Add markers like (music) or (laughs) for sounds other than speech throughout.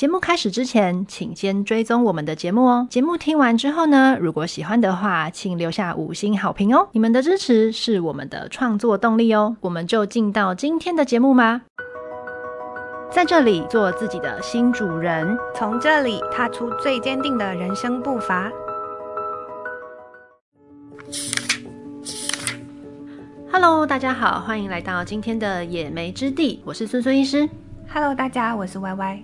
節目開始之前，請先追蹤我們的節目哦。節目聽完之後呢，如果喜歡的話，請留下五星好評哦。你們的支持是我們的創作動力哦。我們就進到今天的節目吧。在這裡做自己的新主人，從人，從這裡踏出最堅定的人生步伐。Hello，大家好，歡迎來到今天的野莓之地，我是孫孫醫師。Hello，大家，我是 YY。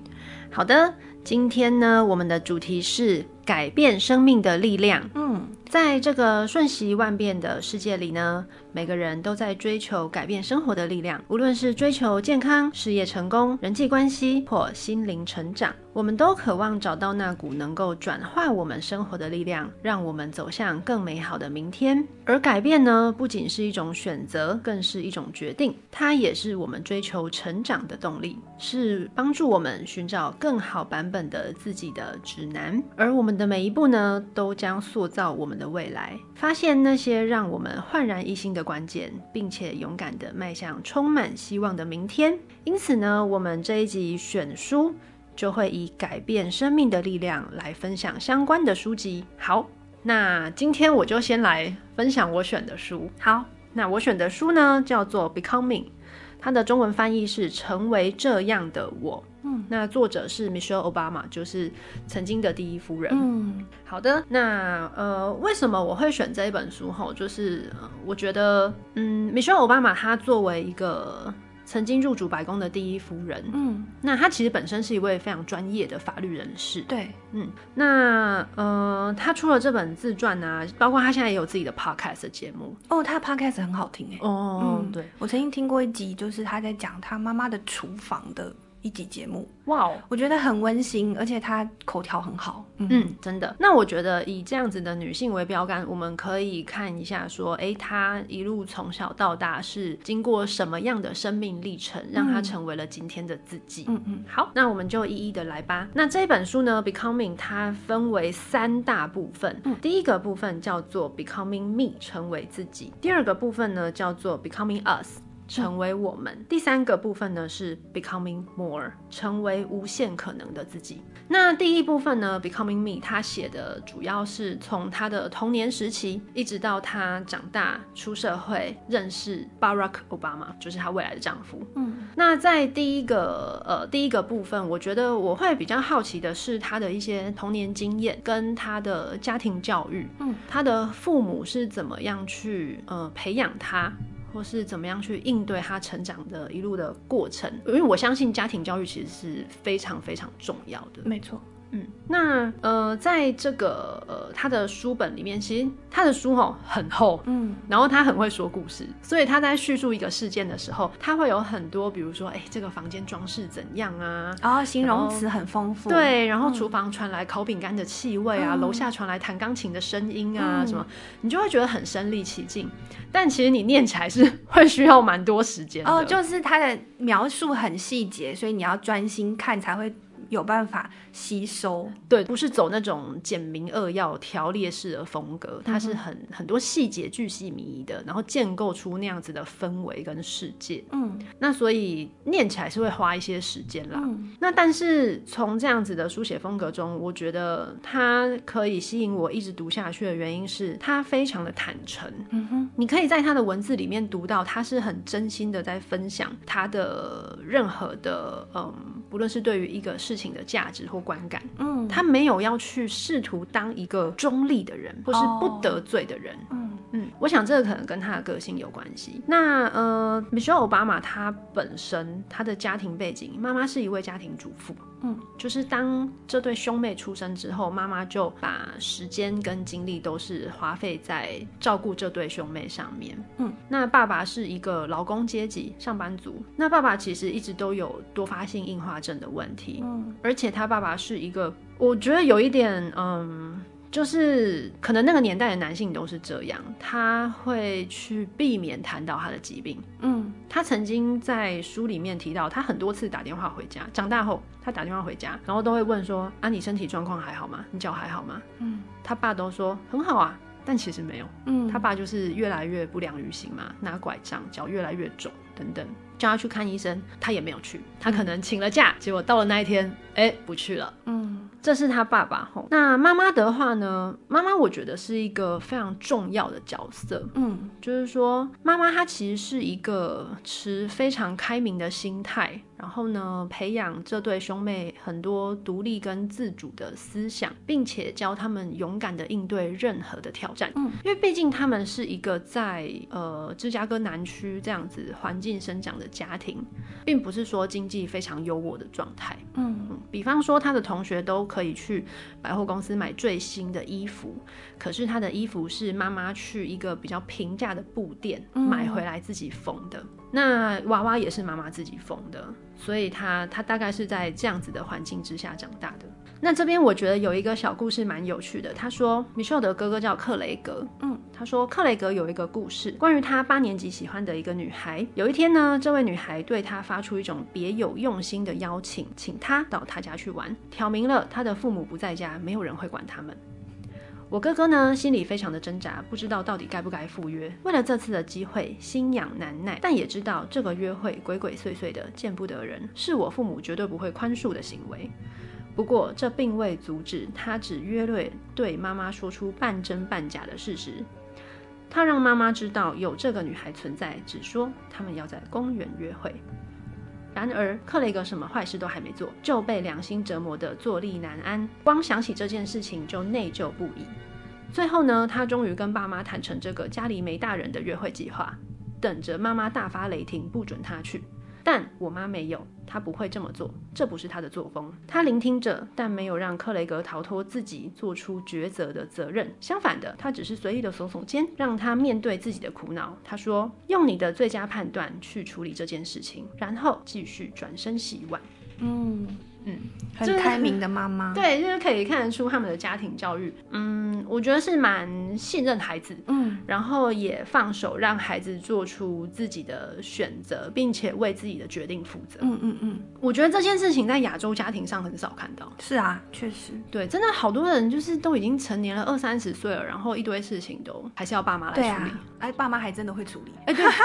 好的，今天呢，我們的主題是改變生命的力量。嗯。在這個瞬息萬變的世界裡呢，每個人都在追求改變生活的力量。無論是追求健康、事業成功、人際關係或心靈成長，我們都渴望找到那股能夠轉化我們生活的力量，讓我們走向更美好的明天。而改變呢，不僅是一種選擇，更是一種決定。它也是我們追求成長的動力，是幫助我們尋找更好版本的自己的指南。而我們的每一步呢，都將塑造我們。的未來，發現那些讓我們煥然一新的關鍵，並且勇敢地邁向充滿希望的明天。因此呢，我們這一集選書就會以改變生命的力量來分享相關的書籍。好，那今天我就先來分享我選的書。好，那我選的書呢，叫做《Becoming》，它的中文翻譯是《成為這樣的我》。嗯，那作者是 Michelle Obama，就是曾經的第一夫人。嗯，好的。那呃，為什麼我會選這一本書？吼，就是我覺得，嗯，Michelle Obama 她作為一個曾經入主白宮的第一夫人，嗯，那她其實本身是一位非常專業的法律人士。對，嗯，那呃，她出了這本自傳啊，包括她現在也有自己的 podcast 的節目。哦，她的 podcast 很好聽誒。哦，嗯，對，我曾經聽過一集，就是她在講她媽媽的廚房的。一集節目，哇、wow，我覺得很溫馨，而且她口條很好，嗯，嗯，真的。那我覺得以這樣子的女性為標杆，我們可以看一下，說，哎、欸，她一路從小到大是經過什麼樣的生命歷程，讓她成為了今天的自己，嗯嗯。好，那我們就一一的來吧。那這本書呢，《becoming》，它分為三大部分，嗯，第一個部分叫做《becoming me》，成為自己；第二個部分呢，叫做《becoming us》。成為我們、嗯、第三個部分呢，是 becoming more，成為無限可能的自己。那第一部分呢，becoming me，他寫的主要是從他的童年時期一直到他長大出社會，認識 Barack Obama，就是他未來的丈夫。嗯，那在第一個呃第一個部分，我覺得我會比較好奇的是他的一些童年經驗跟他的家庭教育。嗯，他的父母是怎麼樣去呃培養他？或是怎麼樣去應對他成長的一路的過程？因為我相信家庭教育其實是非常非常重要的。沒錯。嗯，那呃，在這個呃，他的書本裡面，其實他的書吼很厚，嗯，然後他很會說故事，所以他在敘述一個事件的時候，他會有很多，比如說，哎，這個房間裝飾怎樣啊，啊、哦，形容詞很豐富，對，然後廚房傳來烤餅乾的氣味啊，嗯、樓下傳來彈鋼琴的聲音啊，嗯、什麼，你就會覺得很身歷其境，但其實你念起來是會需要蠻多時間哦，就是他的描述很細節，所以你要專心看才會。有辦法吸收，對，不是走那種簡明扼要條列式的風格，嗯、它是很很多細節巨細靡遺的，然後建構出那樣子的氛圍跟世界。嗯，那所以念起來是會花一些時間啦、嗯。那但是從這樣子的書寫風格中，我覺得它可以吸引我一直讀下去的原因是它非常的坦誠。嗯哼，你可以在他的文字裡面讀到他是很真心的在分享他的任何的，嗯，不論是對於一個事。情的價值或觀感，嗯，他沒有要去試圖當一個中立的人，或是不得罪的人。Oh. 我想這個可能跟他的個性有關係。那呃，蜜雪兒‧歐巴馬他本身他的家庭背景，媽媽是一位家庭主婦，嗯，就是當這對兄妹出生之後，媽媽就把時間跟精力都是花費在照顧這對兄妹上面，嗯。那爸爸是一個勞工階級上班族，那爸爸其實一直都有多發性硬化症的問題，嗯，而且他爸爸是一個，我覺得有一點，嗯。就是可能那個年代的男性都是這樣，他會去避免談到他的疾病。嗯，他曾經在書裡面提到，他很多次打電話回家，長大後他打電話回家，然後都會問說：“啊，你身體狀況還好嗎？你腳還好嗎？”嗯，他爸都說很好啊，但其實沒有。嗯，他爸就是越來越不良於行嘛，拿拐杖，腳越來越腫，等等，叫他去看醫生，他也沒有去，他可能請了假，結果到了那一天。哎，不去了。嗯，這是他爸爸吼。那媽媽的話呢？媽媽，我覺得是一個非常重要的角色。嗯，就是說，媽媽她其實是一個持非常開明的心態，然後呢，培養這對兄妹很多獨立跟自主的思想，並且教他們勇敢地應對任何的挑戰。嗯，因為畢竟他們是一個在呃芝加哥南區這樣子環境生長的家庭，並不是說經濟非常優渥的狀態。嗯。嗯比方說，他的同學都可以去百貨公司買最新的衣服，可是他的衣服是媽媽去一個比較平價的布店買回來自己縫的。嗯。那娃娃也是媽媽自己縫的，所以他他大概是在這樣子的環境之下長大的。那這邊我覺得有一個小故事蠻有趣的。他說，蜜雪兒的哥哥叫克雷格。嗯，他說克雷格有一個故事，關於他八年級喜歡的一個女孩。有一天呢，這位女孩對他發出一種別有用心的邀請，請他到他家去玩，挑明了他的父母不在家，沒有人會管他們。我哥哥呢，心裡非常的掙扎，不知道到底該不該赴約。為了這次的機會，心癢難耐，但也知道這個約會鬼鬼祟祟的，見不得人，是我父母絕對不會寬恕的行為。不過，這並未阻止他只約略對媽媽說出半真半假的事實。他讓媽媽知道有這個女孩存在，只說他們要在公園約會。然而，克雷格什麼壞事都還沒做，就被良心折磨得坐立難安，光想起這件事情就內疚不已。最後呢，他終於跟爸媽坦承這個家裡沒大人的約會計劃，等着媽媽大發雷霆，不准他去。但我媽沒有，她不會這麼做，這不是她的作風。她聆聽着，但沒有讓克雷格逃脫自己做出抉擇的責任。相反的，她只是隨意的聳聳肩，讓他面對自己的苦惱。她說：“用你的最佳判斷去處理這件事情。”然後繼續轉身洗碗。嗯。嗯、就是很，很開明的媽媽，對，就是可以看得出他們的家庭教育。嗯，我覺得是蠻信任孩子，嗯，然後也放手讓孩子做出自己的選擇，並且為自己的決定負責。嗯嗯嗯，我覺得這件事情在亞洲家庭上很少看到。是啊，確實，對，真的好多人就是都已經成年了，二三十歲了，然後一堆事情都還是要爸媽來處理。哎、啊啊，爸媽還真的會處理。哎、欸，對，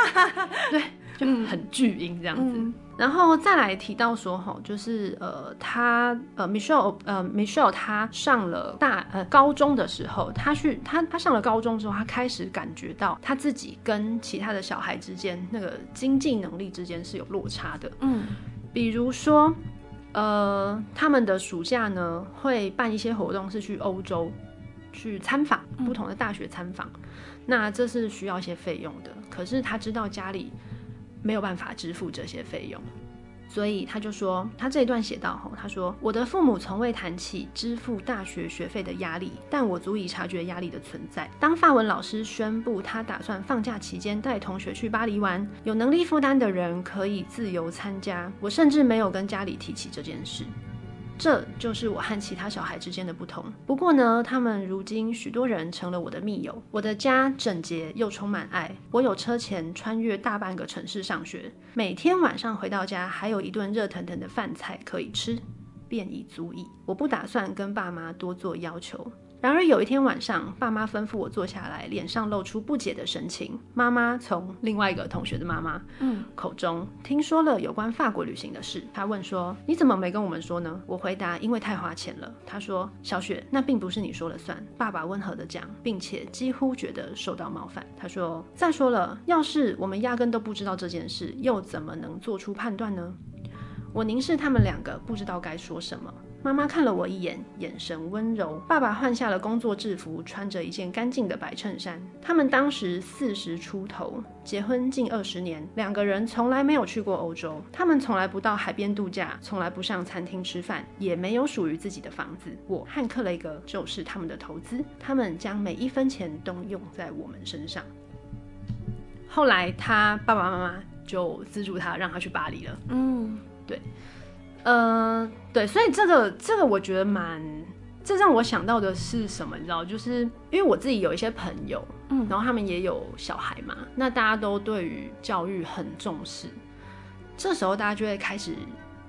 (laughs) 對。 (laughs) 很巨嬰這樣子，嗯嗯，然後再來提到說吼，就是呃，他呃，Michelle 呃，Michelle 他上了大呃高中的時候，他去他他上了高中之後，他開始感覺到他自己跟其他的小孩之間那個經濟能力之間是有落差的。嗯，比如說呃，他們的暑假呢會辦一些活動，是去歐洲去參訪不同的大學參訪，嗯，那這是需要一些費用的。可是他知道家裡沒有辦法支付這些費用，所以他就說，他這一段寫到後，他說，我的父母從未談起支付大學學費的壓力，但我足以察覺壓力的存在。當法文老師宣布他打算放假期間帶同學去巴黎玩，有能力負擔的人可以自由參加，我甚至沒有跟家裡提起這件事。這就是我和其他小孩之間的不同。不過呢，他們如今許多人成了我的密友。我的家整潔又充滿愛，我有車錢穿越大半個城市上學，每天晚上回到家還有一頓熱騰騰的飯菜可以吃，便已足矣。我不打算跟爸媽多做要求。然而有一天晚上，爸媽吩咐我坐下來，臉上露出不解的神情。媽媽從另外一個同學的媽媽嗯口中嗯聽說了有關法國旅行的事。她問說：“你怎麼沒跟我們說呢？”我回答：“因為太花錢了。”她說：“小雪，那並不是你說了算。”爸爸溫和地講，並且幾乎覺得受到冒犯。她說：“再說了，要是我們壓根都不知道這件事，又怎麼能做出判斷呢？”我凝視他們兩個，不知道該說什麼。媽媽看了我一眼，眼神溫柔。爸爸換下了工作制服，穿着一件乾淨的白襯衫。他們當時四十出頭，結婚近二十年，兩個人從來沒有去過歐洲。他們從來不到海邊度假，從來不上餐廳吃飯，也沒有屬於自己的房子。我和克雷格就是他們的投資，他們將每一分錢都用在我們身上。後來他爸爸媽媽就資助他，讓他去巴黎了。嗯，對。嗯、呃，對，所以這個這個我覺得蠻，這讓我想到的是什麼？你知道，就是因為我自己有一些朋友，嗯，然後他們也有小孩嘛，那大家都對於教育很重視，這時候大家就會開始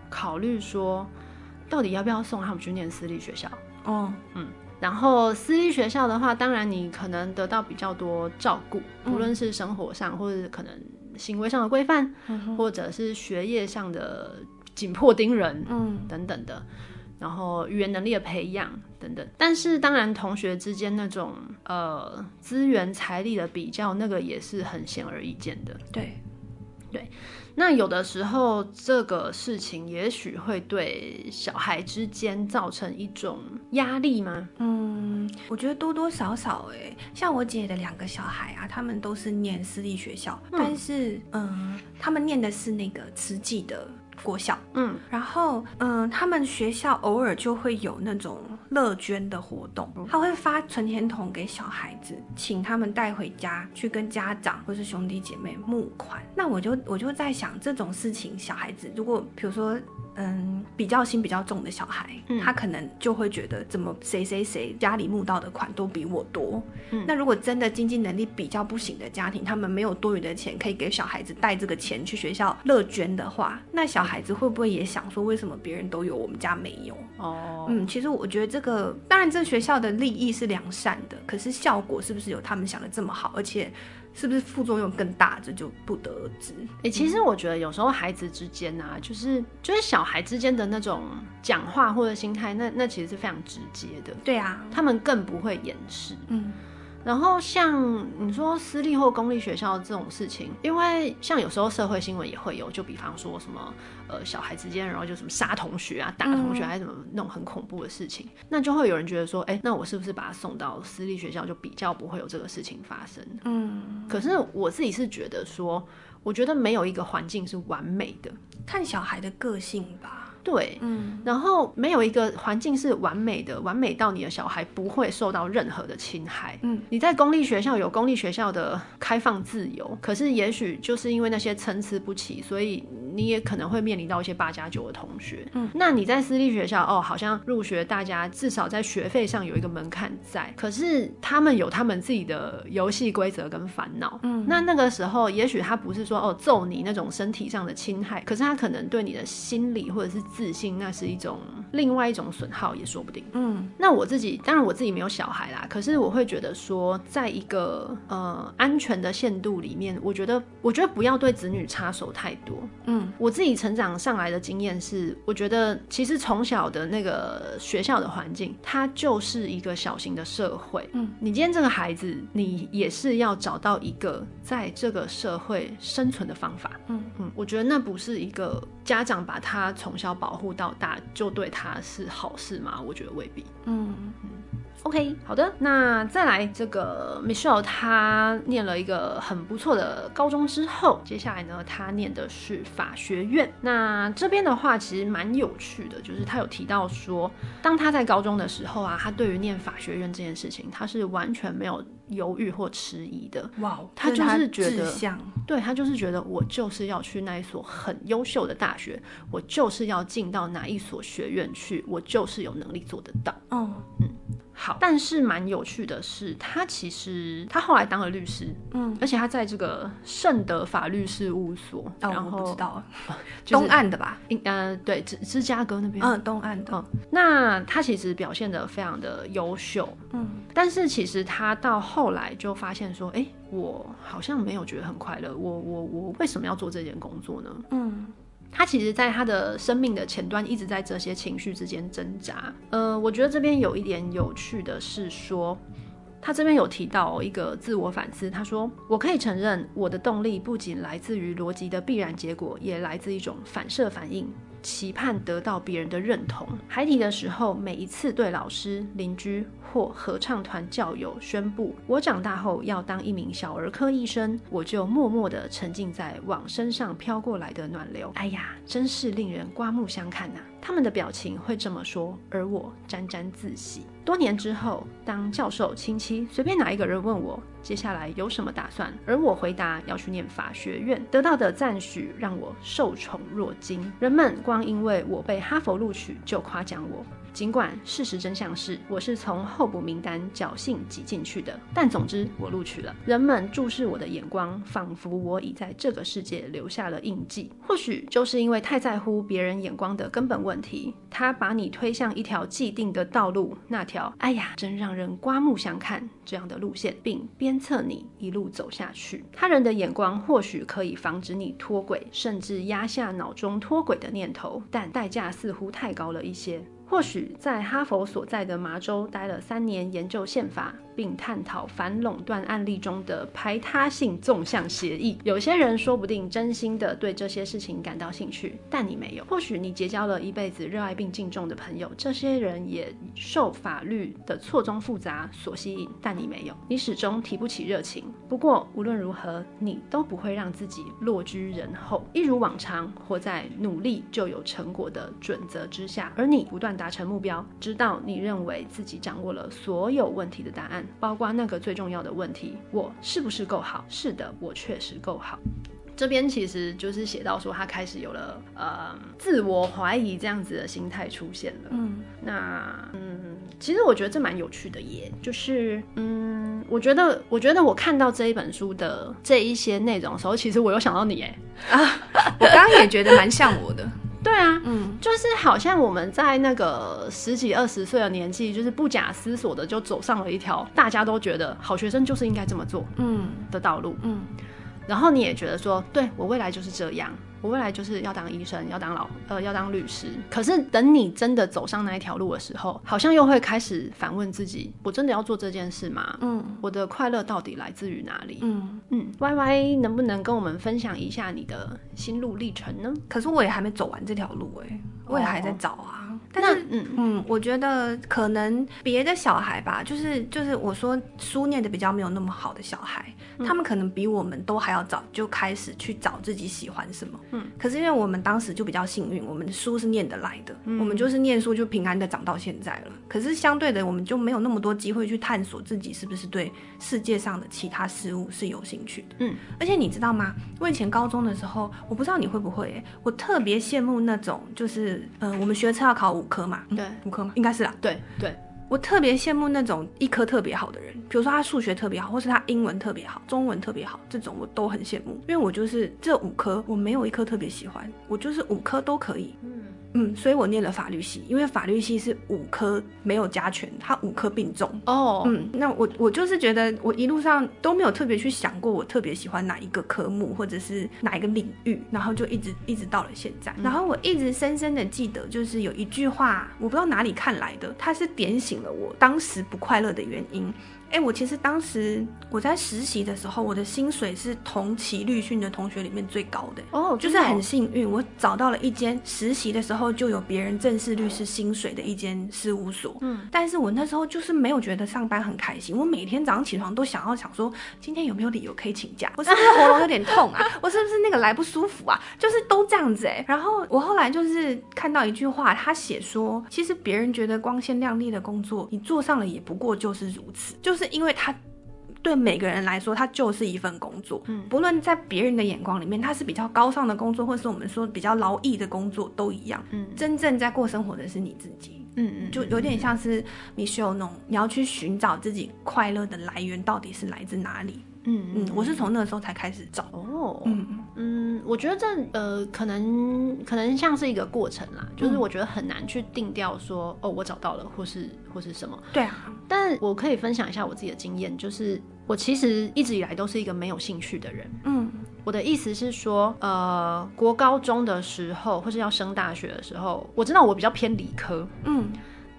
考慮說，到底要不要送他們去念私立學校？哦，嗯，然後私立學校的話，當然你可能得到比較多照顧，不、嗯、論是生活上或者可能行為上的規範，嗯、或者是學業上的。緊迫盯人，嗯，等等的、嗯，然後語言能力的培養等等，但是當然，同學之間那種呃資源財力的比較，那個也是很顯而易見的。對，對，那有的時候這個事情也許會對小孩之間造成一種壓力嗎？嗯，我覺得多多少少、欸，誒，像我姐的兩個小孩啊，他們都是念私立學校，嗯、但是嗯，他們念的是那個慈濟的。國小，嗯，然後，嗯，他們學校偶爾就會有那種樂捐的活動，他會發存錢筒給小孩子，請他們帶回家去跟家長或是兄弟姐妹募款。那我就我就在想這種事情，小孩子如果，譬如說，嗯，比較心比較重的小孩，嗯、他可能就會覺得，怎麼誰誰誰家裡募到的款都比我多。哦、嗯，那如果真的經濟能力比較不行的家庭，他們沒有多餘的錢可以給小孩子帶這個錢去學校樂捐的話，那小孩子會不會也想說為什麼別人都有，我們家沒有？哦，嗯，其實我覺得這個，當然這個學校的利益是良善的，可是效果是不是有他們想的這麼好？而且。是不是副作用更大，這就不得而知。哎，其實我覺得有時候孩子之間啊，就是就是小孩之間的那種講話或者心態，那那其實是非常直接的。對啊，他們更不會掩飾。嗯。然後像你說私立或公立學校這種事情，因為像有時候社會新聞也會有，就比方說什麼呃小孩之間，然後就什麼殺同學啊、打同學、啊，還是什麼那種很恐怖的事情，嗯、那就會有人覺得說，誒，那我是不是把他送到私立學校就比較不會有這個事情發生？嗯，可是我自己是覺得說，我覺得沒有一個環境是完美的，看小孩的個性吧。對，嗯，然後沒有一個環境是完美的，完美到你的小孩不會受到任何的侵害。嗯，你在公立學校有公立學校的開放自由，可是也許就是因為那些參差不齊，所以。你也可能會面臨到一些八加九的同學，嗯，那你在私立學校哦，好像入學大家至少在學費上有一個門檻在，可是他們有他們自己的遊戲規則跟煩惱，嗯，那那個時候也許他不是說哦揍你那種身體上的侵害，可是他可能對你的心理或者是自信，那是一種另外一種損耗也說不定，嗯，那我自己當然我自己沒有小孩啦，可是我會覺得說在一個呃安全的限度裡面，我覺得我覺得不要對子女插手太多，嗯。我自己成長上來的經驗是，我覺得其實從小的那個學校的環境，它就是一個小型的社會。嗯，你今天這個孩子，你也是要找到一個在這個社會生存的方法。嗯嗯，我覺得那不是一個家長把他從小保護到大就對他是好事嗎？我覺得未必。嗯。OK，好的，那再來這個 Michelle，他念了一個很不錯的高中之後，接下來呢，他念的是法學院。那這邊的話其實蠻有趣的，就是他有提到說，當他在高中的時候啊，他對於念法學院這件事情，他是完全沒有猶豫或遲疑的。哇哦，他就是覺得，對他就是覺得，我就是要去那一所很優秀的大學，我就是要進到哪一所學院去，我就是有能力做得到。哦，oh，嗯。好，但是蠻有趣的是，他其實他後來當了律師，嗯，而且他在這個盛德法律事務所，哦、然後我不知道、啊 (laughs) 就是、東岸的吧，應、嗯、該、呃、對，芝芝加哥那邊，嗯，東岸的。嗯、那他其實表現得非常的優秀，嗯，但是其實他到後來就發現說，哎、欸，我好像沒有覺得很快樂，我我我為什麼要做這件工作呢？嗯。他其實，在他的生命的前端，一直在這些情緒之間掙扎。呃，我覺得這邊有一點有趣的是說，說他這邊有提到一個自我反思，他說：“我可以承認，我的動力不僅來自於邏輯的必然結果，也來自一種反射反應，期盼得到別人的認同。孩提的時候，每一次對老師、鄰居。”或合唱團教友宣布，我長大後要當一名小兒科醫生，我就默默地沉浸在往身上飄過來的暖流。哎呀，真是令人刮目相看吶、啊！他們的表情會這麼說，而我沾沾自喜。多年之後，當教授、親戚隨便哪一個人問我接下來有什麼打算，而我回答要去念法學院，得到的讚許讓我受寵若驚。人們光因為我被哈佛錄取就誇獎我。儘管事實真相是我是從候補名單僥幸擠進去的，但總之我錄取了。人們注視我的眼光，仿佛我已在這個世界留下了印記。或許就是因為太在乎別人眼光的根本問題，他把你推向一條既定的道路，那條哎呀，真讓人刮目相看這樣的路線，並鞭策你一路走下去。他人的眼光或許可以防止你脫軌，甚至壓下腦中脫軌的念頭，但代價似乎太高了一些。或許在哈佛所在的麻州待了三年，研究憲法。並探討反壟斷案例中的排他性縱向協議。有些人說不定真心的對這些事情感到興趣，但你沒有。或許你結交了一輩子熱愛並敬重的朋友，這些人也受法律的錯綜複雜所吸引，但你沒有。你始終提不起熱情。不過無論如何，你都不會讓自己落居人後，一如往常，活在努力就有成果的準則之下，而你不斷達成目標，直到你認為自己掌握了所有問題的答案。包括那個最重要的問題，我是不是夠好？是的，我確實夠好。這邊其實就是寫到說，他開始有了呃自我懷疑這樣子的心態出現了。嗯，那嗯，其實我覺得這蠻有趣的耶。就是嗯，我覺得我覺得我看到這一本書的這一些內容的時候，其實我有想到你耶啊， (laughs) 我剛剛也覺得蠻像我的。 (laughs) 對啊，嗯，就是好像我們在那個十幾二十歲的年紀，就是不假思索的就走上了一條大家都覺得好學生就是應該這麼做，嗯，的道路。嗯，嗯，然後你也覺得說，對，我未來就是這樣。我未來就是要當醫生，要當老，呃，要當律師。可是等你真的走上那一條路的時候，好像又會開始反問自己：我真的要做這件事嗎？嗯，我的快樂到底來自於哪裡？嗯嗯，YY 能不能跟我們分享一下你的心路歷程呢？可是我也還沒走完這條路哎、欸，我也還在找啊。哦但是，嗯嗯，我覺得可能別的小孩吧，就是就是我說書念的比較沒有那麼好的小孩、嗯，他們可能比我們都還要早就開始去找自己喜歡什麼。嗯。可是因為我們當時就比較幸運，我們書是念得來的，嗯，我們就是念書就平安的長到現在了。可是相對的，我們就沒有那麼多機會去探索自己是不是對世界上的其他事物是有興趣的。嗯。而且你知道嗎？我以前高中的時候，我不知道你會不會耶，我特別羨慕那種就是，嗯，呃，我們學測要考五五科嘛。嗯，對，五科嘛，應該是啦。對對，我特別羨慕那種一科特別好的人，比如說他數學特別好，或是他英文特別好，中文特別好，這種我都很羨慕。因為我就是這五科，我沒有一科特別喜歡，我就是五科都可以。嗯，所以我念了法律系，因為法律系是五科沒有加權，它五科並重。哦、oh，嗯，那我我就是覺得我一路上都沒有特別去想過我特別喜歡哪一個科目或者是哪一個領域，然後就一直一直到了現在。然後我一直深深的記得，就是有一句話，我不知道哪裡看來的，它是點醒了我當時不快樂的原因。哎、欸，我其實當時我在實習的時候，我的薪水是同期律訓的同學裡面最高的哦，oh, 就是很幸運、嗯，我找到了一間實習的時候就有別人正式律師薪水的一間事務所。嗯，但是我那時候就是沒有覺得上班很開心，我每天早上起床都想要想說，今天有沒有理由可以請假？我是不是喉嚨有點痛啊？ (laughs) 我是不是那個來不舒服啊？就是都這樣子哎、欸。然後我後來就是看到一句話，他寫說，其實別人覺得光鮮亮麗的工作，你做上了也不過就是如此，就是。是因為它對每個人來說，它就是一份工作。嗯，不論在別人的眼光裡面，它是比較高尚的工作，或是我們說比較勞逸的工作，都一樣。嗯，真正在過生活的是你自己。嗯嗯，嗯，嗯，就有點像是蜜雪兒那種，你要去尋找自己快樂的來源，到底是來自哪裡？嗯嗯，我是從那個時候才開始找哦。嗯，嗯，我覺得這呃，可能可能像是一個過程啦，嗯、就是我覺得很難去定調說哦，我找到了，或是或是什麼。對啊，但我可以分享一下我自己的經驗，就是我其實一直以來都是一個沒有興趣的人。嗯，我的意思是說，呃，國高中的時候或是要升大學的時候，我知道我比較偏理科。嗯。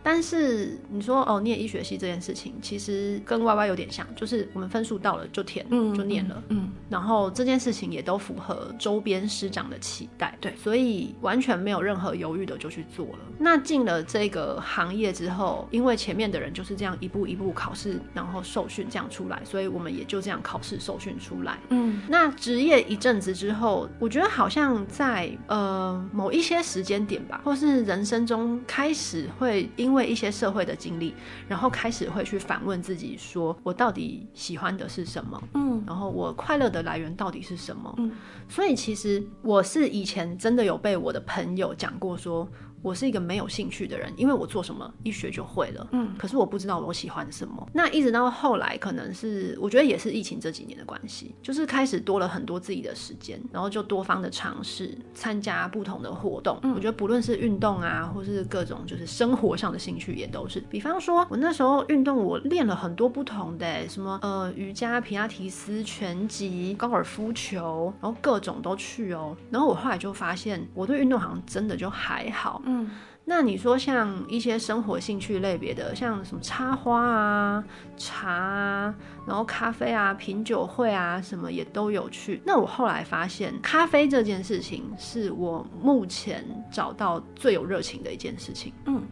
但是你說哦，念醫學系這件事情，其實跟 YY 有點像，就是我們分數到了就填了，嗯，就念了。嗯，嗯，然後這件事情也都符合周邊師長的期待，對，所以完全沒有任何猶豫的就去做了。那進了這個行業之後，因為前面的人就是這樣一步一步考試，然後受訓這樣出來，所以我們也就這樣考試受訓出來，嗯。那職業一陣子之後，我覺得好像在呃某一些時間點吧，或是人生中開始會因為因為一些社會的經歷，然後開始會去反問自己，說我到底喜歡的是什麼？嗯，然後我快樂的來源到底是什麼？嗯，所以其實我是以前真的有被我的朋友講過說。我是一個沒有興趣的人，因為我做什麼一學就會了。嗯，可是我不知道我喜歡什麼。那一直到後來，可能是我覺得也是疫情這幾年的關係，就是開始多了很多自己的時間，然後就多方的嘗試參加不同的活動。嗯，我覺得不論是運動啊，或是各種就是生活上的興趣，也都是。比方說，我那時候運動，我練了很多不同的，什麼呃瑜伽、皮拉提斯、拳擊、高爾夫球，然後各種都去哦。然後我後來就發現，我對運動好像真的就還好。嗯嗯，那你說像一些生活興趣類別的，像什麼插花啊、茶啊，然後咖啡啊、品酒會啊，什麼也都有去。那我後來發現，咖啡這件事情是我目前找到最有熱情的一件事情。嗯，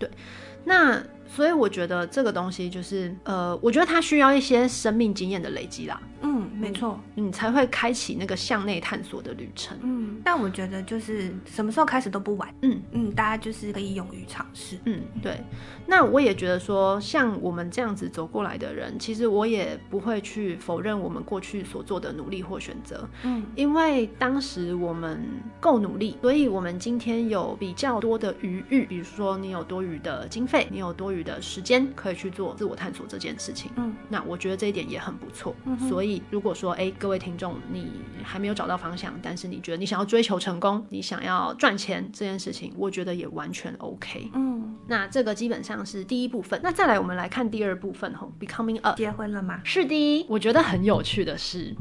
對。那所以我覺得這個東西就是，呃，我覺得它需要一些生命經驗的累積啦。嗯，沒錯，你、嗯、才會開啟那個向內探索的旅程。嗯，但我覺得就是什麼時候開始都不晚。嗯嗯，大家就是可以勇於嘗試。嗯，對。那我也覺得說，像我們這樣子走過來的人，其實我也不會去否認我們過去所做的努力或選擇。嗯，因為當時我們夠努力，所以我們今天有比較多的餘裕。比如說，你有多餘的經費，你有多餘的時間，可以去做自我探索這件事情。嗯，那我覺得這一點也很不錯。嗯，所以。如果說誒，各位聽眾，你還沒有找到方向，但是你覺得你想要追求成功，你想要賺錢這件事情，我覺得也完全 OK。嗯，那這個基本上是第一部分。那再來，我們來看第二部分。吼，becoming a 結婚了嗎？是的，我覺得很有趣的是。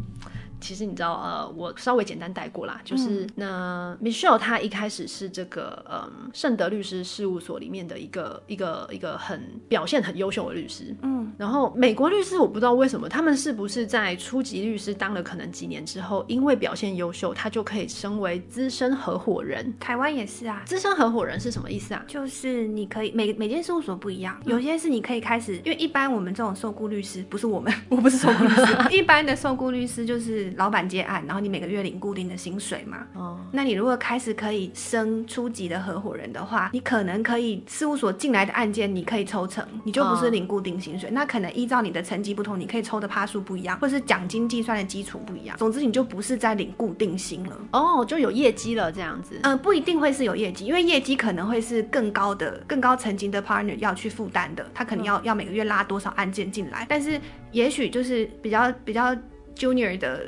其實你知道，呃，我稍微簡單帶過啦，就是、嗯、那 Michelle 她一開始是這個，嗯，盛德律師事務所裡面的一個一個一個很表現很優秀的律師，嗯，然後美國律師我不知道為什麼他們是不是在初級律師當了可能幾年之後，因為表現優秀，他就可以升為資深合夥人。台灣也是啊，資深合夥人是什麼意思啊？就是你可以每每間事務所不一樣、嗯，有些是你可以開始，因為一般我們這種受雇律師不是我們， (laughs) 我不是受雇律師， (laughs) 一般的受雇律師就是。老闆接案，然後你每個月領固定的薪水嘛？哦、oh.，那你如果開始可以升初級的合夥人的話，你可能可以事務所進來的案件，你可以抽成，你就不是領固定薪水。Oh. 那可能依照你的層級不同，你可以抽的趴數不一樣，或是獎金計算的基礎不一樣。總之，你就不是在領固定薪了哦，oh, 就有業績了這樣子。嗯，不一定會是有業績，因為業績可能會是更高的、更高層級的 partner 要去負擔的，他可能要、oh. 要每個月拉多少案件進來。但是也許就是比較比較 junior 的。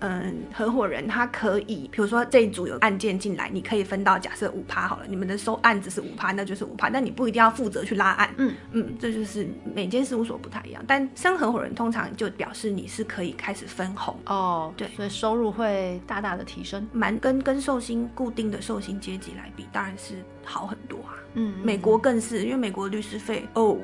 嗯，合夥人他可以，比如說這一組有案件進來，你可以分到假設五趴好了，你們的收案子是五趴，那就是五趴，但你不一定要負責去拉案。嗯嗯，這就是每間事務所不太一樣。但升合夥人通常就表示你是可以開始分紅哦，對，所以收入會大大的提升，蠻跟跟壽星固定的壽星階級來比，當然是好很多啊。嗯，美國更是，因為美國的律師費哦，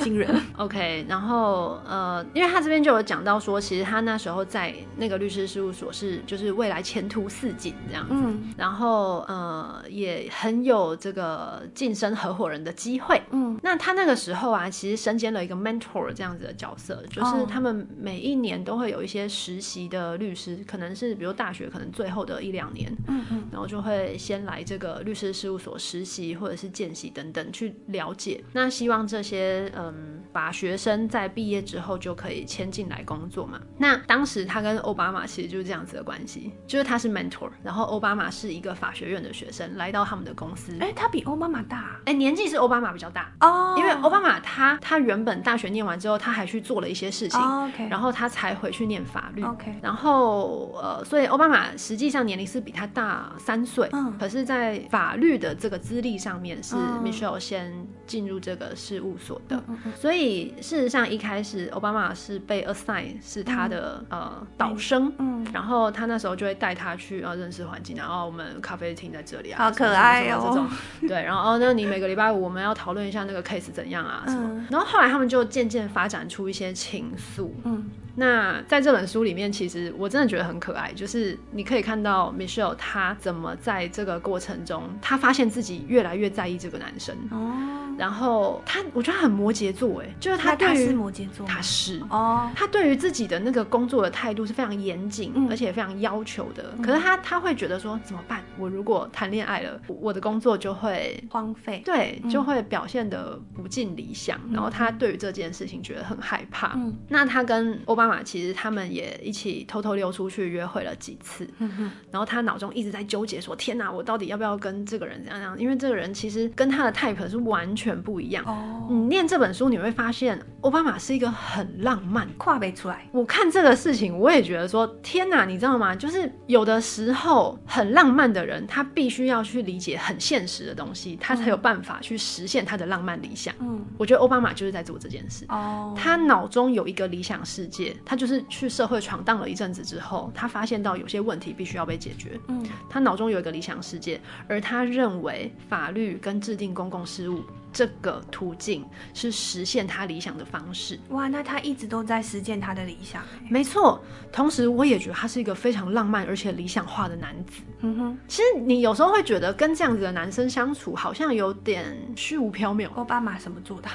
驚 (laughs) 人。OK，然後呃，因為他這邊就有講到說，其實他那時候在那個律師事務所是就是未來前途似錦這樣子，嗯，然後呃也很有這個晉升合夥人的機會，嗯，那他那個時候啊，其實身兼了一個 mentor 這樣子的角色，就是他們每一年都會有一些實習的律師，可能是比如大學可能最後的一兩年，嗯嗯，然後就會先來這個律師事務所實習。習或者是見習等等去了解，那希望這些嗯，法學生在畢業之後就可以簽進來工作嘛。那當時他跟奧巴馬其實就是這樣子的關係，就是他是 mentor，然後奧巴馬是一個法學院的學生，來到他們的公司。哎，他比奧巴馬大啊？哎，年紀是奧巴馬比較大哦，oh. 因為奧巴馬他他原本大學念完之後，他還去做了一些事情，oh, OK，然後他才回去念法律，OK，然後呃，所以奧巴馬實際上年齡是比他大三歲，嗯，oh. 可是，在法律的這個資資歷上面是 Michelle 先進入這個事務所的，嗯嗯嗯，所以事實上一開始歐巴馬是被 assign 是他的，嗯、呃導生，嗯，然後他那時候就會帶他去呃認識環境，然後我們咖啡廳在這裡啊，好可愛哦，什麼什麼這種對，然後、 (laughs) 哦、那你每個禮拜五我們要討論一下那個 case 怎樣啊、嗯、什麼，然後後來他們就漸漸發展出一些情愫，嗯。那在這本書裡面，其實我真的覺得很可愛，就是你可以看到 Michelle 她怎麼在這個過程中，她發現自己越來越在意這個男生。哦然後他，我覺得很摩羯座，哎，就是他對於他是摩羯座，他是哦，oh. 他對於自己的那個工作的態度是非常嚴謹，嗯、而且非常要求的。嗯、可是他他會覺得說，怎麼辦？我如果談戀愛了，我的工作就會荒廢，對、嗯，就會表現得不盡理想、嗯。然後他對於這件事情覺得很害怕。嗯，那他跟歐巴馬其實他們也一起偷偷溜出去約會了幾次。嗯哼，然後他腦中一直在糾結說，天哪，我到底要不要跟這個人怎樣這樣？因為這個人其實跟他的 type、嗯、是完全。全不一樣哦！Oh. 你念這本書，你會發現歐巴馬是一個很浪漫。看不出來，我看這個事情，我也覺得說，天哪、啊，你知道嗎？就是有的時候很浪漫的人，他必須要去理解很現實的東西，他才有辦法去實現他的浪漫理想。嗯、mm.，我覺得歐巴馬就是在做這件事。哦、oh.，他腦中有一個理想世界，他就是去社會闖蕩了一陣子之後，他發現到有些問題必須要被解決。嗯、mm.，他腦中有一個理想世界，而他認為法律跟制定公共事務。這個途徑是實現他理想的方式。哇，那他一直都在實踐他的理想。沒錯，同時我也覺得他是一個非常浪漫而且理想化的男子。嗯哼，其實你有時候會覺得跟這樣子的男生相處好像有點虛無縹緲。歐巴馬什麼做的？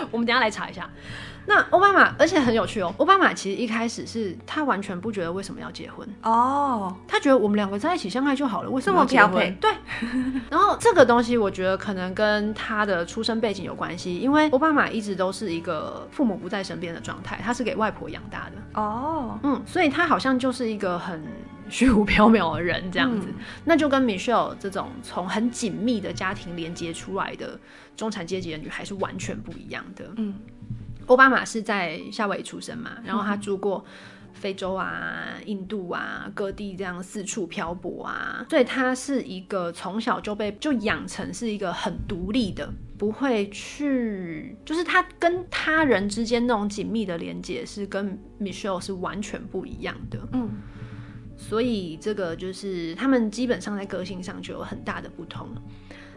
(laughs) (laughs) 我們等一下來查一下。那歐巴馬，而且很有趣哦。歐巴馬其實一開始是他完全不覺得為什麼要結婚哦，oh. 他覺得我們兩個在一起相愛就好了，為什麼要結婚？配對。 (laughs) 然後這個東西我覺得可能跟他的出生背景有關係，因為歐巴馬一直都是一個父母不在身邊的狀態，他是給外婆養大的哦，oh. 嗯，所以他好像就是一個很虛無縹緲的人這樣子，嗯。那就跟 Michelle 這種從很緊密的家庭連接出來的中產階級的女孩是完全不一樣的，嗯。奧巴馬是在夏威夷出生嘛，然後他住過非洲啊、印度啊、各地，這樣四處漂泊啊，所以他是一個從小就被就養成是一個很獨立的，不會去，就是他跟他人之間那種緊密的連接是跟 Michelle 是完全不一樣的。嗯，所以這個就是他們基本上在個性上就有很大的不同。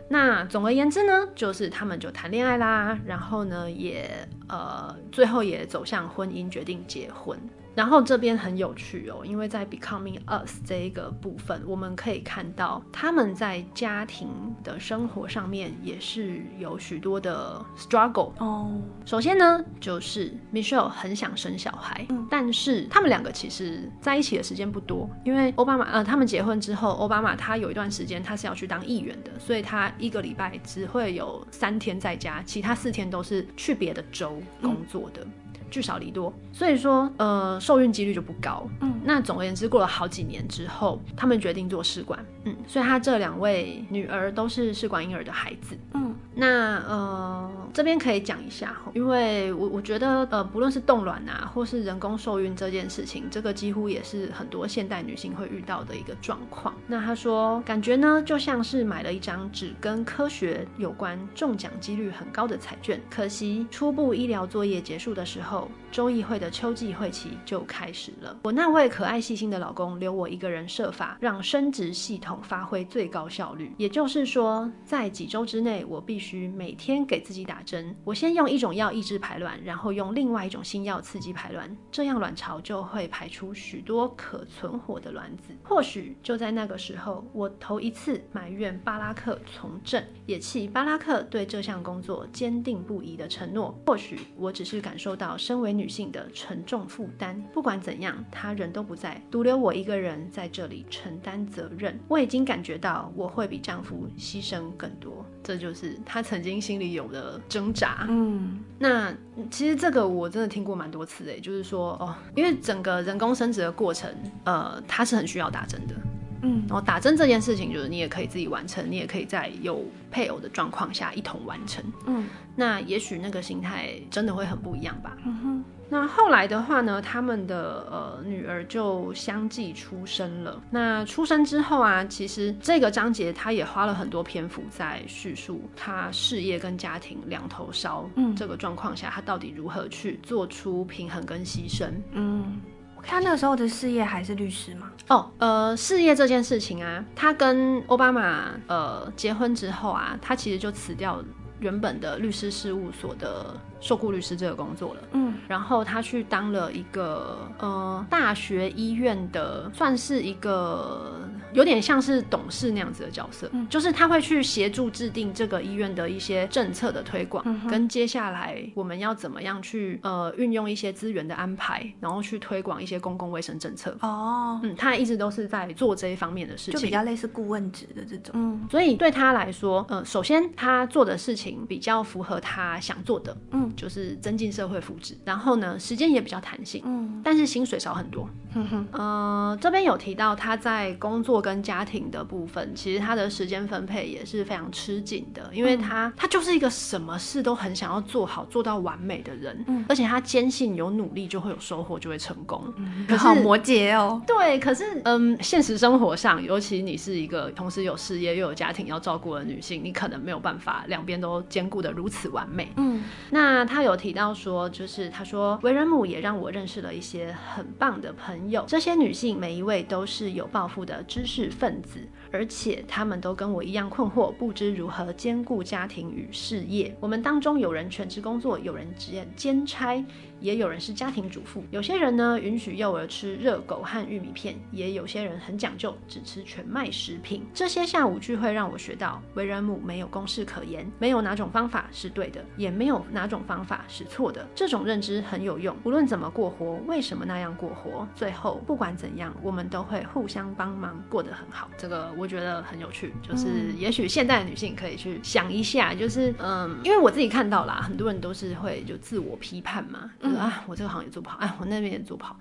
那總而言之呢，就是他們就談戀愛啦，然後呢，也呃，最後也走向婚姻，決定結婚。然後這邊很有趣哦，因為在 Becoming Us 這一個部分，我們可以看到他們在家庭的生活上面也是有許多的 struggle 哦。首先呢，就是 Michelle 很想生小孩，嗯，但是他們兩個其實在一起的時間不多，因為奧巴馬、呃、他們結婚之後，奧巴馬他有一段時間他是要去當議員的，所以他一個禮拜只會有三天在家，其他四天都是去別的州工作的。嗯聚少離多，所以說，呃，受孕幾率就不高。嗯，那總而言之，過了好幾年之後，他們決定做試管。嗯，所以她這兩位女兒都是試管嬰兒的孩子。嗯。那呃，這邊可以講一下，因為我我覺得呃，不論是凍卵啊，或是人工受孕這件事情，這個幾乎也是很多現代女性會遇到的一個狀況。那她說，感覺呢就像是買了一張只跟科學有關、中獎幾率很高的彩券，可惜初步醫療作業結束的時候。州議會的秋季會期就開始了。我那位可愛細心的老公留我一個人設法讓生殖系統發揮最高效率，也就是說，在幾周之內，我必須每天給自己打針。我先用一種藥抑制排卵，然後用另外一種新藥刺激排卵，這樣卵巢就會排出許多可存活的卵子。或許就在那個時候，我頭一次埋怨巴拉克從政，也氣巴拉克對這項工作堅定不移的承諾。或許我只是感受到身為。女性的沉重負擔。不管怎樣，她人都不在，獨留我一個人在這裡承擔責任。我已經感覺到我會比丈夫犧牲更多。這就是她曾經心裡有的掙扎。嗯，那其實這個我真的聽過蠻多次誒，就是說哦，因為整個人工生殖的過程，呃，它是很需要打針的。嗯，然後打針這件事情，就是你也可以自己完成，你也可以在有配偶的狀況下一同完成。嗯，那也許那個心態真的會很不一樣吧。嗯哼。那後來的話呢，他們的呃女兒就相繼出生了。那出生之後啊，其實這個章節他也花了很多篇幅在敘述他事業跟家庭兩頭燒，嗯，這個狀況下他到底如何去做出平衡跟犧牲？嗯。他那個時候的事業還是律師嗎？哦，呃，事業這件事情啊，他跟歐巴馬呃結婚之後啊，他其實就辭掉原本的律師事務所的受雇律師這個工作了，嗯，然後他去當了一個呃大學醫院的，算是一個。有點像是董事那樣子的角色，嗯，就是他會去協助制定這個醫院的一些政策的推廣、嗯，跟接下來我們要怎麼樣去呃運用一些資源的安排，然後去推廣一些公共衛生政策。哦，嗯，他一直都是在做這一方面的事情，就比較類似顧問職的這種。嗯，所以對他來說，呃，首先他做的事情比較符合他想做的，嗯，就是增進社會福祉。然後呢，時間也比較彈性，嗯，但是薪水少很多。嗯哼，呃，這邊有提到他在工作。跟家庭的部分，其實他的時間分配也是非常吃緊的，因為他、嗯、他就是一個什麼事都很想要做好，做到完美的人，嗯、而且他堅信有努力就會有收穫，就會成功。嗯、可是很好摩羯哦，對，可是嗯，現實生活上，尤其你是一個同時有事業又有家庭要照顧的女性、嗯，你可能沒有辦法兩邊都兼顧得如此完美。嗯，那他有提到說，就是他說為人母也讓我認識了一些很棒的朋友，這些女性每一位都是有抱負的知識知是分子，而且他們都跟我一樣困惑，不知如何兼顧家庭與事業。我們當中有人全職工作，有人職業兼差。也有人是家庭主婦，有些人呢允許幼兒吃熱狗和玉米片，也有些人很講究只吃全麥食品。這些下午聚會讓我學到，為人母沒有公式可言，沒有哪種方法是對的，也沒有哪種方法是錯的。這種認知很有用，無論怎麼過活，為什麼那樣過活，最後不管怎樣，我們都會互相幫忙，過得很好。這個我覺得很有趣，就是也許現代的女性可以去想一下，嗯、就是嗯，因為我自己看到啦，很多人都是會就自我批判嘛。嗯、啊，我這個行業做不好，哎、啊，我那邊也做不好，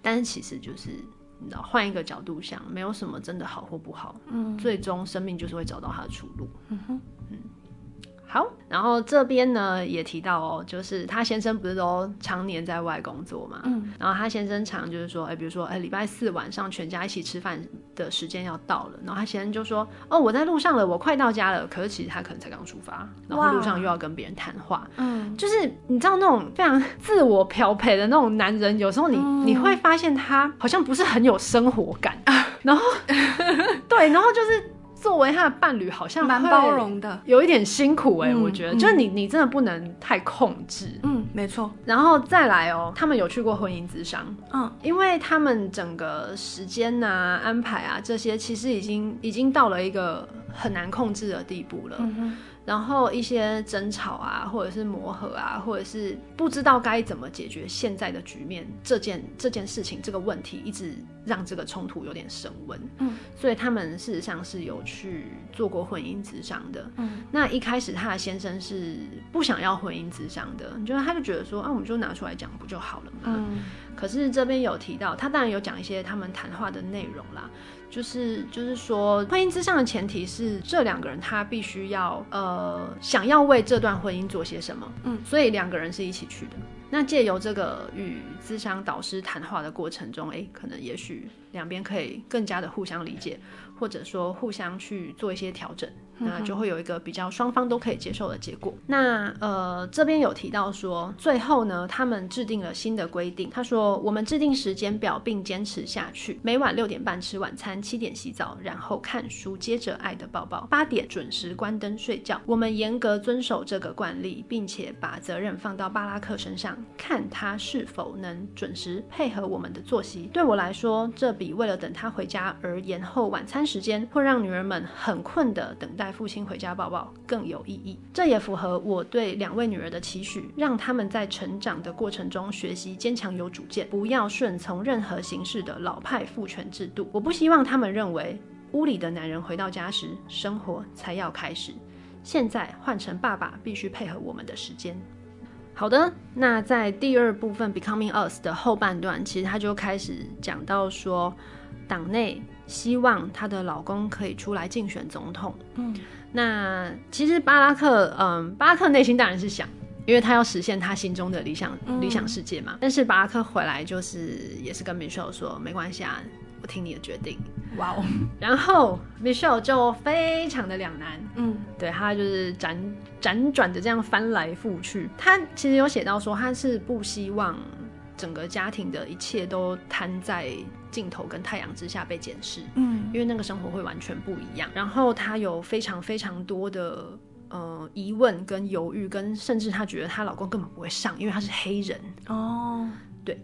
但是其實就是，你知道，換一個角度想，沒有什麼真的好或不好，嗯，最終生命就是會找到它的出路。嗯哼。好，然後這邊呢也提到哦，就是他先生不是都常年在外工作嘛，嗯，然後他先生常就是說，哎，比如說，哎，禮拜四晚上全家一起吃飯的時間要到了，然後他先生就說，哦，我在路上了，我快到家了，可是其實他可能才剛出發，然後路上又要跟別人談話，嗯，就是你知道那種非常自我漂泊的那種男人，有時候你、嗯、你會發現他好像不是很有生活感，嗯、然後 (laughs) 對，然後就是。作為他的伴侶，好像蠻包容的，有一點辛苦哎、欸，我覺得、嗯、就是你，你真的不能太控制。嗯，沒錯。然後再來哦、喔，他們有去過婚姻諮商。嗯，因為他們整個時間啊、安排啊這些，其實已經已經到了一個很難控制的地步了。嗯然後一些爭吵啊，或者是磨合啊，或者是不知道該怎麼解決現在的局面，這件這件事情這個問題一直讓這個衝突有點升溫。嗯，所以他們事實上是有去做過婚姻諮商的。嗯，那一開始他的先生是不想要婚姻諮商的，就是他就覺得說啊，我們就拿出來講不就好了嗎？嗯，可是這邊有提到，他當然有講一些他們談話的內容啦。就是就是說，婚姻之上的前提是這兩個人他必須要呃想要為這段婚姻做些什麼，嗯，所以兩個人是一起去的。那借由這個與諮商導師談話的過程中，哎，可能也許兩邊可以更加的互相理解，或者說互相去做一些調整。那就會有一個比較雙方都可以接受的結果。那呃，這邊有提到說，最後呢，他們制定了新的規定。他說，我們制定時間表並堅持下去，每晚六點半吃晚餐，七點洗澡，然後看書，接着愛的抱抱，八點準時關燈睡覺。我們嚴格遵守這個慣例，並且把責任放到巴拉克身上，看他是否能準時配合我們的作息。對我來說，這比為了等他回家而延後晚餐時間，會讓女兒們很困的等待，在父親回家抱抱更有意義，這也符合我對兩位女兒的期許，讓他們在成長的過程中學習堅強、有主見，不要順從任何形式的老派父權制度。我不希望他們認為屋裡的男人回到家時，生活才要開始。現在換成爸爸，必須配合我們的時間。好的，那在第二部分《Becoming Us》的後半段，其實他就開始講到說，黨內。希望她的老公可以出來競選總統。嗯，那其實巴拉克，嗯，巴拉克內心當然是想，因為他要實現他心中的理想、嗯、理想世界嘛。但是巴拉克回來就是也是跟 Michelle 說沒關係啊，我聽你的決定。哇哦，然後 Michelle 就非常的兩難。嗯，對他就是輾輾轉的這樣翻來覆去。他其實有寫到說他是不希望整個家庭的一切都癱在。鏡頭跟太陽之下被檢視，嗯，因為那個生活會完全不一樣。然後她有非常非常多的呃疑問、跟猶豫、跟甚至她覺得她老公根本不會上，因為他是黑人哦，對。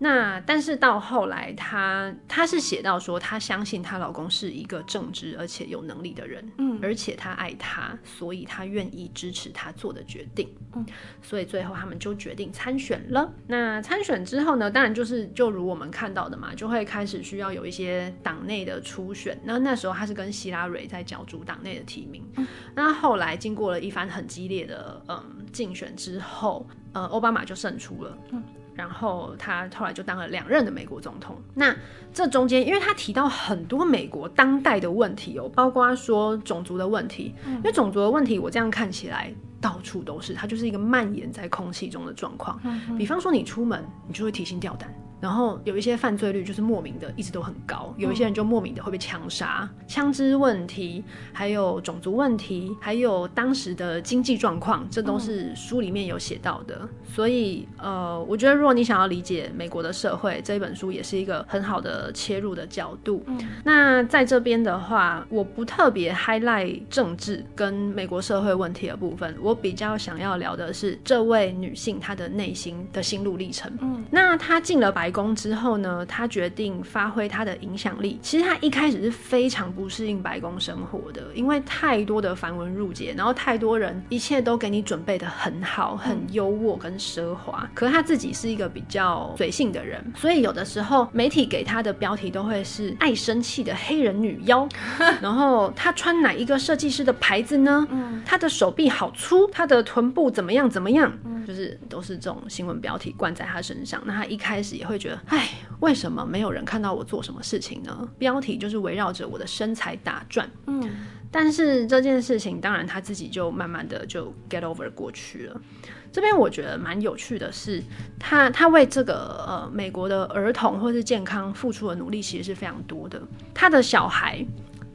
那但是到後來他，她她是寫到說，她相信她老公是一個正直而且有能力的人，嗯，而且她愛他，所以她願意支持他做的決定，嗯，所以最後他們就決定參選了。那參選之後呢，當然就是就如我們看到的嘛，就會開始需要有一些黨內的初選。那那時候她是跟希拉蕊在角逐黨內的提名，嗯，那後來經過了一番很激烈的嗯競選之後，呃，嗯，歐巴馬就勝出了，嗯然後他後來就當了兩任的美國總統。那這中間，因為他提到很多美國當代的問題哦，包括說種族的問題。嗯、因為種族的問題，我這樣看起來到處都是，它就是一個蔓延在空氣中的狀況。嗯、比方說你出門，你就會提心吊膽。然後有一些犯罪率就是莫名的一直都很高，有一些人就莫名的會被槍殺。嗯，槍支問題，還有種族問題，還有當時的經濟狀況，這都是書裡面有寫到的。嗯。所以呃，我覺得如果你想要理解美國的社會，這一本書也是一個很好的切入的角度。嗯。那在這邊的話，我不特別 highlight 政治跟美國社會問題的部分，我比較想要聊的是這位女性她的內心的心路歷程。嗯，那她進了白。白宮之後呢，他決定發揮他的影響力。其實他一開始是非常不適應白宮生活的，因為太多的繁文縟節，然後太多人，一切都給你準備得很好，很優渥跟奢華。嗯。可是他自己是一個比較隨性的人，所以有的時候媒體給他的標題都會是“愛生氣的黑人女妖”呵呵。然後他穿哪一個設計師的牌子呢？嗯、他的手臂好粗，他的臀部怎麼樣？怎麼樣？嗯就是都是這種新聞標題灌在他身上，那他一開始也會覺得，哎，為什麼沒有人看到我做什麼事情呢？標題就是圍繞着我的身材打轉，嗯。但是這件事情，當然他自己就慢慢的就 get over 過去了。這邊我覺得蠻有趣的是，他他為這個呃美國的兒童或是健康付出的努力，其實是非常多的。他的小孩。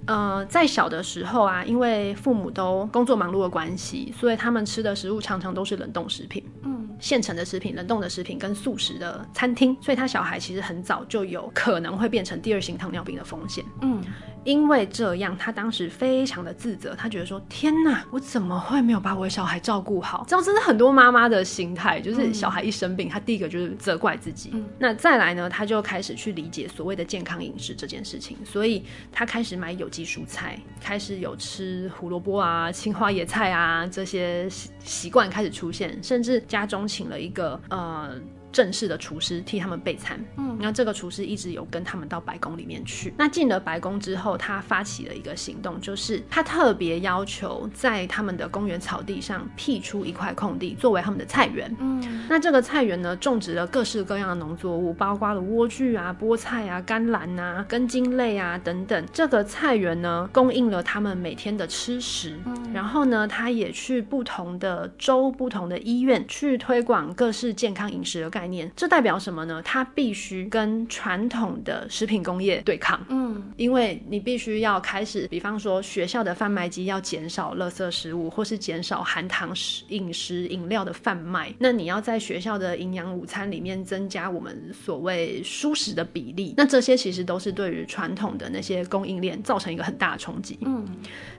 呃，在小的時候啊，因為父母都工作忙碌的關係，所以他們吃的食物常常都是冷凍食品，嗯，現成的食品、冷凍的食品跟速食的餐廳，所以他小孩其實很早就有可能會變成第二型糖尿病的風險，嗯，因為這樣，他當時非常的自責，他覺得說，天哪，我怎麼會沒有把我的小孩照顧好？這樣真的很多媽媽的心態，就是小孩一生病，他第一個就是責怪自己。嗯，那再來呢，他就開始去理解所謂的健康飲食這件事情，所以他開始買有。蔬菜，開始有吃胡蘿蔔啊、青花椰菜啊這些習慣開始出現，甚至家中請了一個呃，正式的廚師替他們備餐，嗯，那這個廚師一直有跟他們到白宮裡面去。那進了白宮之後，他發起了一個行動，就是他特別要求在他們的公園草地上闢出一塊空地作為他們的菜園。嗯，那這個菜園呢，種植了各式各樣的農作物，包括了萵苣啊、菠菜啊、甘藍啊、根莖類啊等等。這個菜園呢，供應了他們每天的吃食。嗯，然後呢，他也去不同的州、不同的醫院去推廣各式健康飲食的概。概念，這代表什麼呢？它必須跟傳統的食品工業對抗，嗯，因為你必須要開始，比方說學校的販賣機要減少垃圾食物，或是減少含糖食飲食飲料的販賣，那你要在學校的營養午餐裡面增加我們所謂蔬食的比例，那這些其實都是對於傳統的那些供應鏈造成一個很大的衝擊，嗯。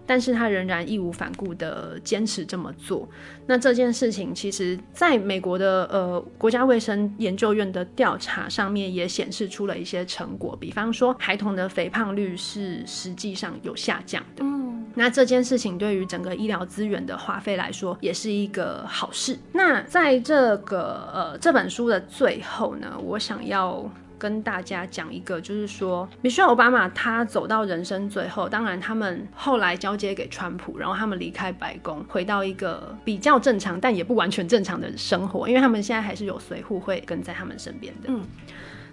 但是他仍然義無反顧地堅持這麼做。那這件事情，其實在美國的呃國家衛生研究院的調查上面也顯示出了一些成果，比方說，孩童的肥胖率是實際上有下降的。嗯。那這件事情對於整個醫療資源的花費來說，也是一個好事。那在這個呃這本書的最後呢，我想要。跟大家講一個，就是說，蜜雪兒‧歐巴馬他走到人生最後，當然他們後來交接給川普，然後他們離開白宮，回到一個比較正常，但也不完全正常的生活，因為他們現在還是有隨扈會跟在他們身邊的。嗯，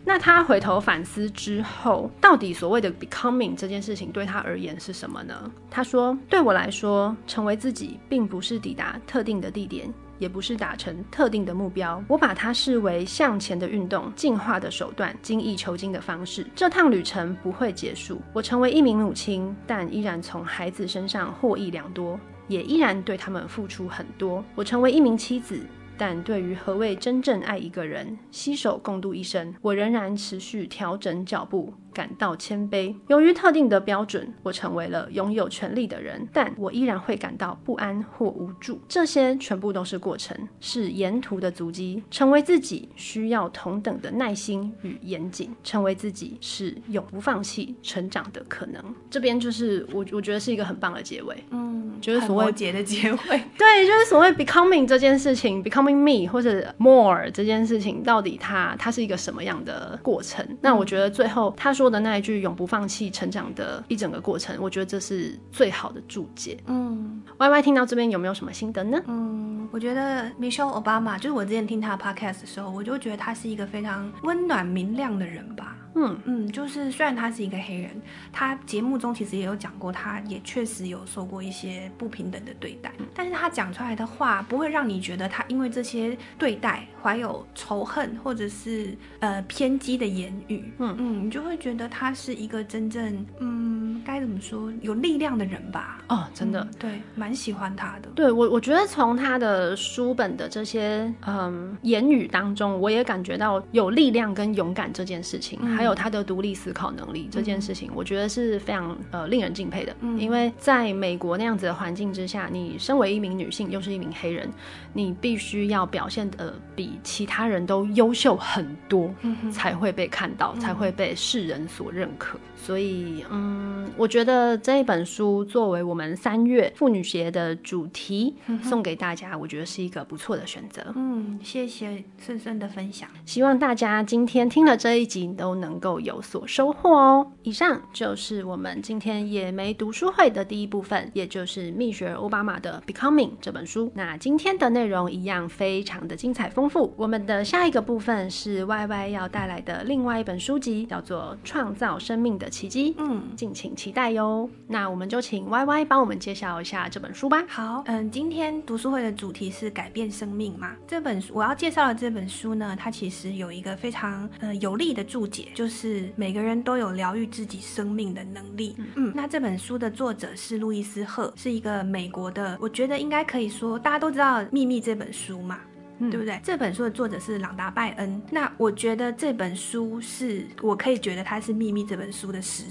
那他回頭反思之後，到底所謂的 “becoming” 這件事情對他而言是什麼呢？他說：“對我來說，成為自己並不是抵達特定的地點。”也不是達成特定的目標，我把它視為向前的運動、進化的手段、精益求精的方式。這趟旅程不會結束。我成為一名母親，但依然從孩子身上獲益良多，也依然對他們付出很多。我成為一名妻子，但對於何謂真正愛一個人、攜手共度一生，我仍然持續調整腳步。感到謙卑。由於特定的標準，我成為了擁有權力的人，但我依然會感到不安或無助。這些全部都是過程，是沿途的足跡。成為自己需要同等的耐心與嚴謹。成為自己是永不放棄成長的可能。這邊就是我，我覺得是一個很棒的結尾。嗯，就是所謂結的結尾。 (laughs) 對，就是所謂 becoming 這件事情 (laughs) ，becoming me 或者 more 這件事情，到底它它是一個什麼樣的過程？嗯、那我覺得最後他說。說的那一句永不放棄成長的一整個過程，我覺得這是最好的注解。嗯，YY 聽到這邊有沒有什麼心得呢？嗯，我覺得 Michelle Obama，就是我之前聽她的 Podcast 的時候，我就覺得她是一個非常溫暖明亮的人吧。嗯嗯，就是雖然他是一個黑人，他節目中其實也有講過，他也確實有受過一些不平等的對待，但是他講出來的話不會讓你覺得他因為這些對待懷有仇恨或者是呃偏激的言語，嗯嗯，你就會覺得他是一個真正嗯該怎麼說有力量的人吧？哦，真的，嗯、對，蠻喜歡他的。對我我覺得從他的書本的這些嗯言語當中，我也感覺到有力量跟勇敢這件事情。還有他的獨立思考能力，嗯，這件事情，我覺得是非常呃令人敬佩的，嗯。因為在美國那樣子的環境之下，你身為一名女性，又是一名黑人，你必須要表現得比其他人都優秀很多，嗯，才會被看到，才會被世人所認可。嗯，所以，嗯，我覺得這一本書作為我們三月婦女節的主題，嗯，送給大家，我覺得是一個不錯的選擇。嗯，謝謝孫孫的分享。希望大家今天聽了這一集都能，能夠有所收穫哦。以上就是我們今天野莓讀書會的第一部分，也就是蜜雪兒·歐巴馬的《Becoming》這本書。那今天的內容一樣非常的精彩豐富。我們的下一個部分是 YY 要帶來的另外一本書籍，叫做《創造生命的奇蹟》。嗯，敬請期待喲。那我們就請 YY 幫我們介紹一下這本書吧。好，嗯、呃，今天讀書會的主題是改變生命嘛。這本書我要介紹的這本書呢，它其實有一個非常呃有力的注解。就是每個人都有療癒自己生命的能力。嗯，那這本書的作者是路易斯·赫，是一個美國的。我覺得應該可以說，大家都知道《秘密》這本書嘛，嗯，對不對？這本書的作者是朗達·拜恩。那我覺得這本書是我可以覺得它是《秘密》這本書的實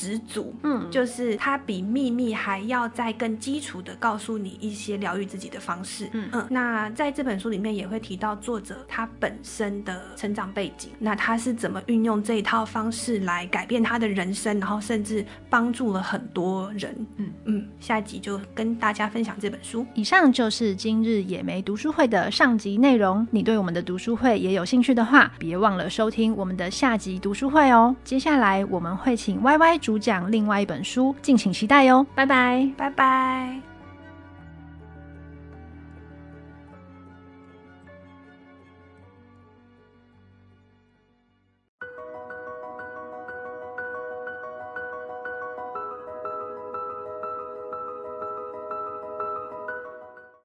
十足，嗯，就是他比秘密還要再更基礎的告訴你一些療癒自己的方式，嗯嗯。那在這本書裡面也會提到作者他本身的成長背景，那他是怎麼運用這一套方式來改變他的人生，然後甚至幫助了很多人，嗯嗯。下一集就跟大家分享這本書。以上就是今日野莓讀書會的上集內容。你對我們的讀書會也有興趣的話，別忘了收聽我們的下集讀書會哦、喔。接下來我們會請 Y Y 主。主講另外一本書，敬請期待喲！拜拜，拜拜。